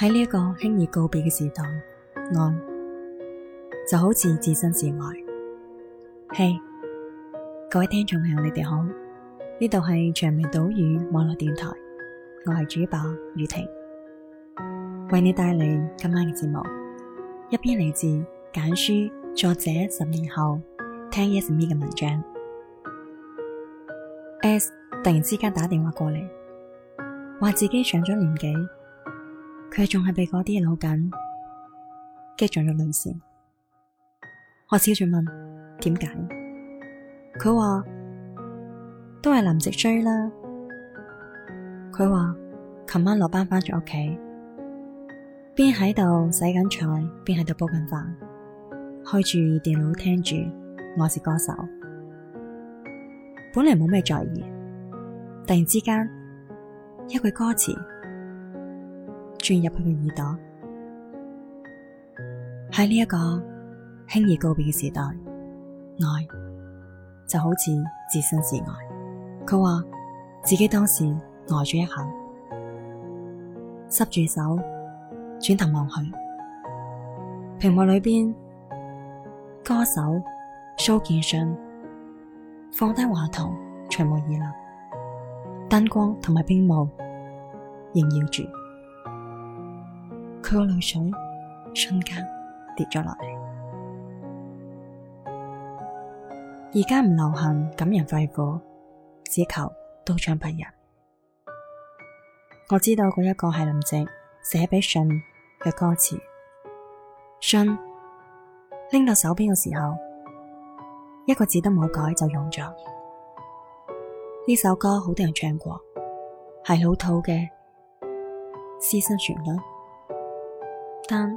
喺呢一個輕易告別嘅時代，愛就好似置身事外。嘿、hey，各位聽眾朋友，你哋好，呢度係長尾島嶼網絡電台，我係主播雨婷，為你帶嚟今晚嘅節目，一篇嚟自簡書作者十年後聽 SME 嘅文章。S 突然之間打電話過嚟，話自己上咗年紀。佢仲係被嗰啲嘢老梗，擊中咗淚腺。我笑住問：點解？佢話都係林夕追啦。佢話琴晚落班翻咗屋企，邊喺度洗緊菜，邊喺度煲緊飯，開住電腦聽住《我是歌手》，本來冇咩在意，突然之間一句歌詞。轉入佢嘅耳朵，喺呢一個輕易告別嘅時代，愛就好似置身事外。佢話自己當時呆咗一下，濕住手，轉頭望去，屏幕裏邊歌手蘇見信放低話筒，垂目而立，燈光同埋冰霧縈繞住。佢個淚水瞬間跌咗落嚟。而家唔流行感人肺腑，只求刀槍不入。我知道嗰一個係林夕寫俾信嘅歌詞。信拎瞬到手邊嘅時候，一個字都冇改就用咗。呢首歌好多人唱過，係老土嘅私心旋律。但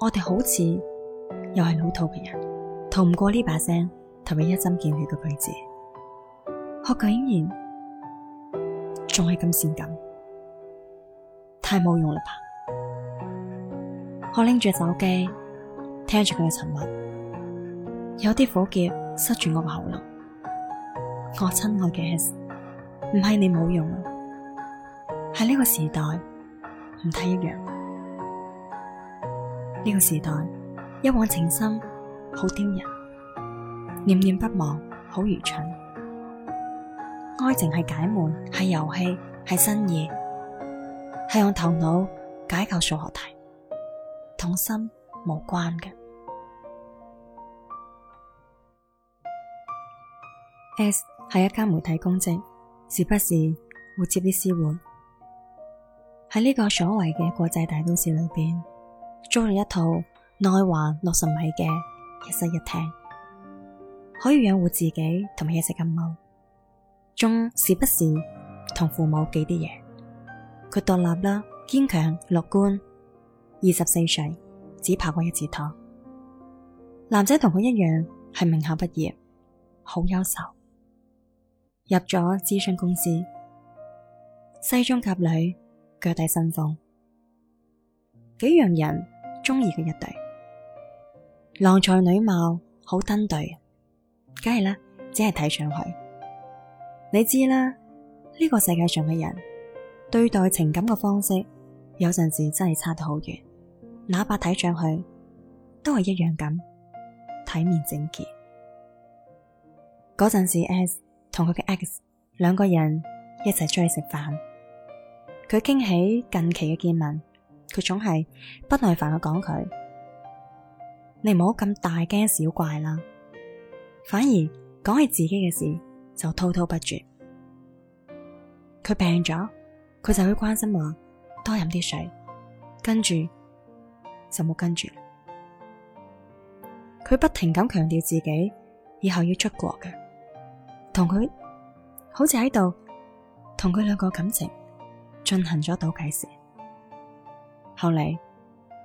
我哋好似又係老套嘅人，逃唔過呢把聲，同埋一針見血嘅句子。我竟然仲係咁善感，太冇用啦吧？我拎住手機，聽住佢嘅沉默，有啲苦澀塞住我個喉嚨。我親愛嘅，S，唔係你冇用，喺呢個時代唔太一樣。呢個時代，一往情深好丟人，念念不忘好愚蠢。愛情係解悶，係遊戲，係新意，係用頭腦解構數學題，同心無關嘅。S 係一家媒體公職，時不時會接啲私活，喺呢個所謂嘅國際大都市裏邊，租咗一套內環六十米嘅一室一廳，可以養活自己同埋一隻金毛，仲時不時同父母寄啲嘢。佢獨立啦，堅強樂觀。二十四歲只拍過一次拖。男仔同佢一樣係名校畢業，好優秀，入咗諮詢公司，西裝革履，腳底生風，幾讓人中意嘅一對，郎才女貌，好登對，梗係啦，只係睇上去。你知啦，呢個世界上嘅人對待情感嘅方式，有陣時真係差得好遠。哪怕睇上去都係一樣咁，體面整潔。嗰陣時，S 同佢嘅 X 兩個人一齊出去食飯，佢傾起近期嘅見聞。佢總係不耐煩嘅講佢，你唔好咁大驚小怪啦。反而講起自己嘅事就滔滔不絕。佢病咗，佢就去關心我，多飲啲水，跟住就冇跟住。佢不停咁強調自己以後要出國嘅，同佢好似喺度同佢兩個感情進行咗倒計時。後嚟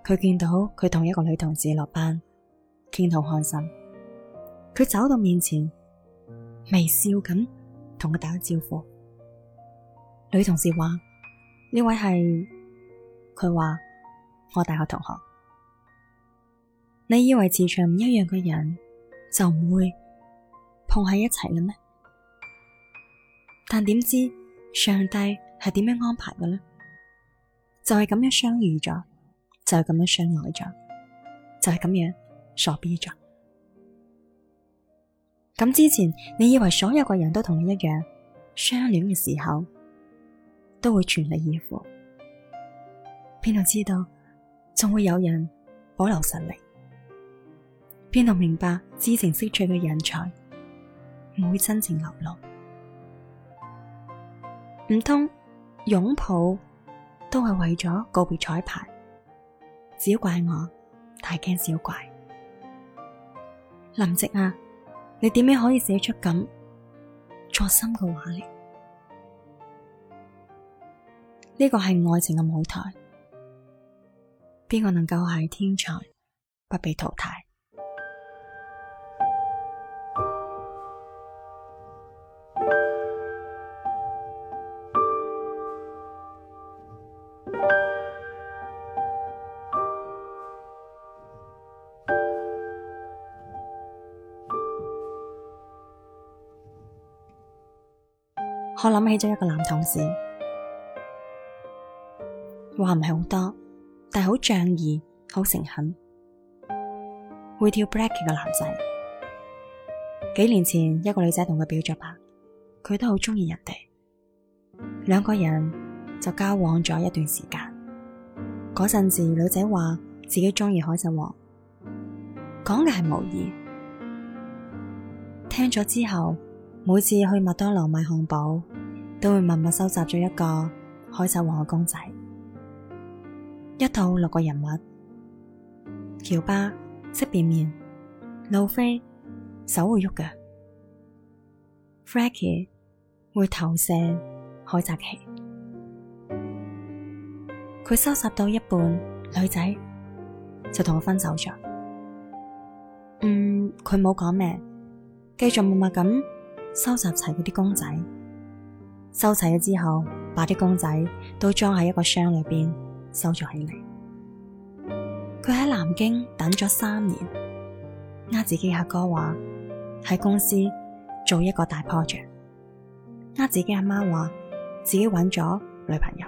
佢見到佢同一個女同事落班，見到開心，佢走到面前微笑咁同佢打招呼。女同事話：呢位係佢話我大學同學。你以為磁場唔一樣嘅人就唔會碰喺一齊啦咩？但點知上帝係點樣安排嘅呢？就係咁樣相遇咗，就係咁樣相愛咗，就係咁樣傻逼咗。咁之前你以為所有個人都同你一樣，相戀嘅時候都會全力以赴，邊度知道仲會有人保留實力？邊度明白知情識趣嘅人才唔會真情流露？唔通擁抱？都係為咗告別彩排，只怪我大驚小怪。林夕啊，你點樣可以寫出咁作心嘅話嚟？呢個係愛情嘅舞台，邊個能夠係天才不被淘汰？我諗起咗一個男同事，話唔係好多，但係好仗義、好誠懇，會跳 breaking 嘅男仔。幾年前，一個女仔同佢表咗白，佢都好中意人哋，兩個人就交往咗一段時間。嗰陣時，女仔話自己中意海賊王，講嘅係無疑。聽咗之後，每次去麥當勞買漢堡。都會默默收集咗一個《海賊王》嘅公仔，一套六個人物：喬巴、西便面、路飛，手會喐嘅；Frankie 會投射海賊旗。佢收集到一半，女仔就同我分手咗。嗯，佢冇講咩，繼續默默咁收集齊嗰啲公仔。收齊咗之後，把啲公仔都裝喺一個箱裏邊，收咗起嚟。佢喺南京等咗三年，呃、自己阿哥話喺公司做一個大 project，呃、自己阿媽話自己搵咗女朋友，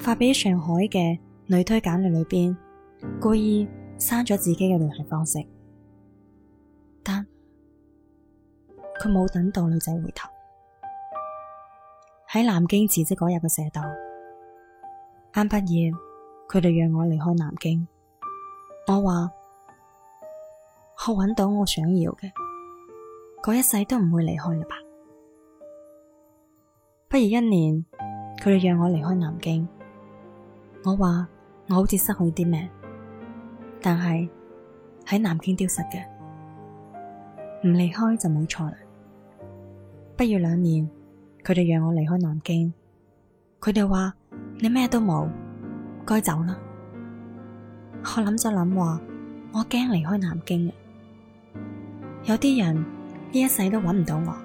發俾上海嘅女推簡歷裏邊，故意刪咗自己嘅聯繫方式，但佢冇等到女仔回頭。喺南京辭職嗰日嘅社道，啱畢業，佢哋讓我離開南京。我話：我搵到我想要嘅，嗰一世都唔會離開啦吧？畢業一年，佢哋讓我離開南京。我話：我好似失去啲咩，但係喺南京丟失嘅，唔離開就冇錯啦。畢業兩年。佢哋讓我離開南京，佢哋話你咩都冇，該走啦。我諗咗諗，話我驚離開南京，有啲人呢一世都揾唔到我，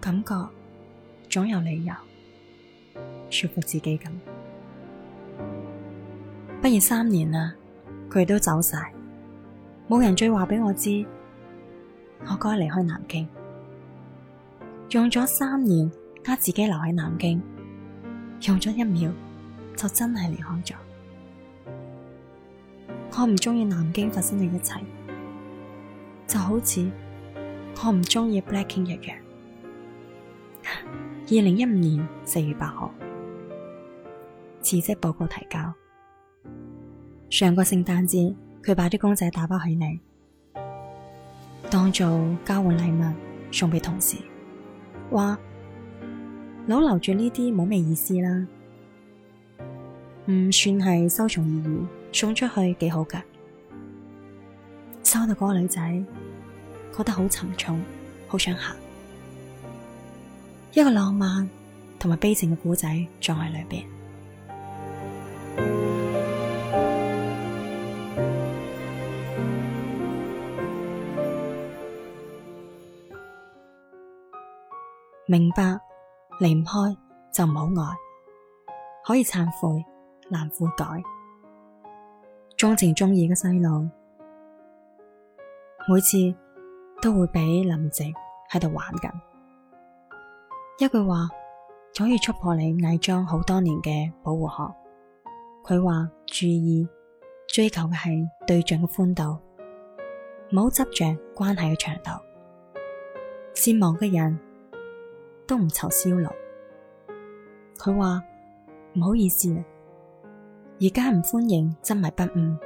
感覺總有理由說服自己咁。畢業三年啦，佢哋都走晒，冇人再話俾我知，我該離開南京。用咗三年，呃自己留喺南京，用咗一秒，就真係離開咗。我唔中意南京發生嘅一切，就好似我唔中意 Blacking 一樣。二零一五年四月八號，辭職報告提交。上個聖誕節，佢把啲公仔打包起嚟，當做交換禮物送俾同事。話老留住呢啲冇咩意思啦，唔算係收藏意義，送出去幾好噶。收到嗰個女仔覺得好沉重，好想行。一個浪漫同埋悲情嘅古仔仲喺裏邊。明白，離唔開就唔好愛，可以懺悔，難悔改。鍾情鍾意嘅細路，每次都會俾林夕喺度玩緊。一句話，可以觸破你偽裝好多年嘅保護殼。佢話：注意，追求嘅係對象嘅寬度，唔好執着關係嘅長度。善忘嘅人，都唔愁銷路。佢話唔好意思啊，而家唔歡迎執迷不悟，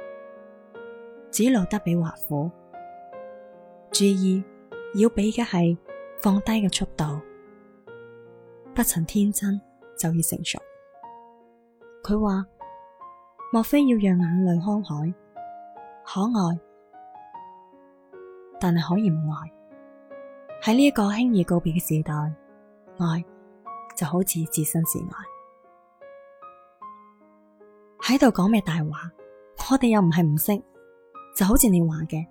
只留得俾華府。注意要俾嘅係放低嘅速度。不曾天真，就要成熟。佢話莫非要讓眼淚慷慨，可愛，但係可以唔愛。喺呢一個輕易告別嘅時代。愛就好似置身事外，喺度講咩大話？我哋又唔係唔識，就好似你話嘅，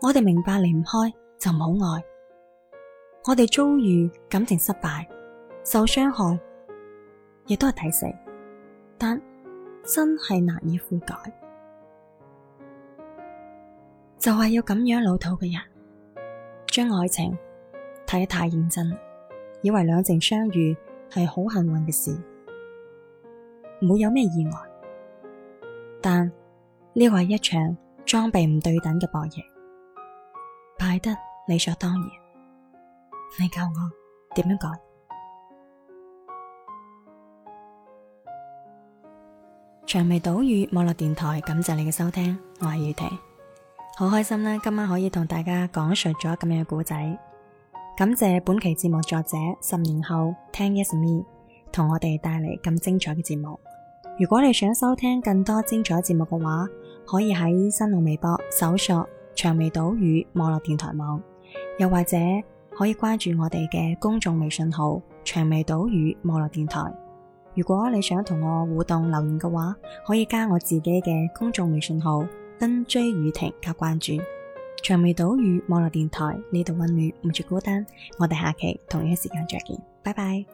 我哋明白離唔開就唔好愛， 我哋遭遇感情失敗、受傷害，亦都係抵死。」但真係難以悔改， 就係、是、要咁樣老土嘅人，將愛情睇得太認真。以為兩情相遇係好幸運嘅事，唔會有咩意外。但呢個係一場裝備唔對等嘅博弈，敗得理所當然。你教我點樣講？長尾島嶼網絡電台，感謝你嘅收聽，我係雨婷，好開心啦！今晚可以同大家講述咗咁樣嘅故仔。感謝本期節目作者十年後聽 Yes Me 同我哋帶嚟咁精彩嘅節目。如果你想收聽更多精彩節目嘅話，可以喺新浪微博搜索長尾島嶼網絡電台網，又或者可以關注我哋嘅公眾微信號長尾島嶼網絡電台。如果你想同我互動留言嘅話，可以加我自己嘅公眾微信號 NJ 宇婷加關注。長尾島語網絡電台，呢度溫暖唔住孤單，我哋下期同一時間再見，拜拜。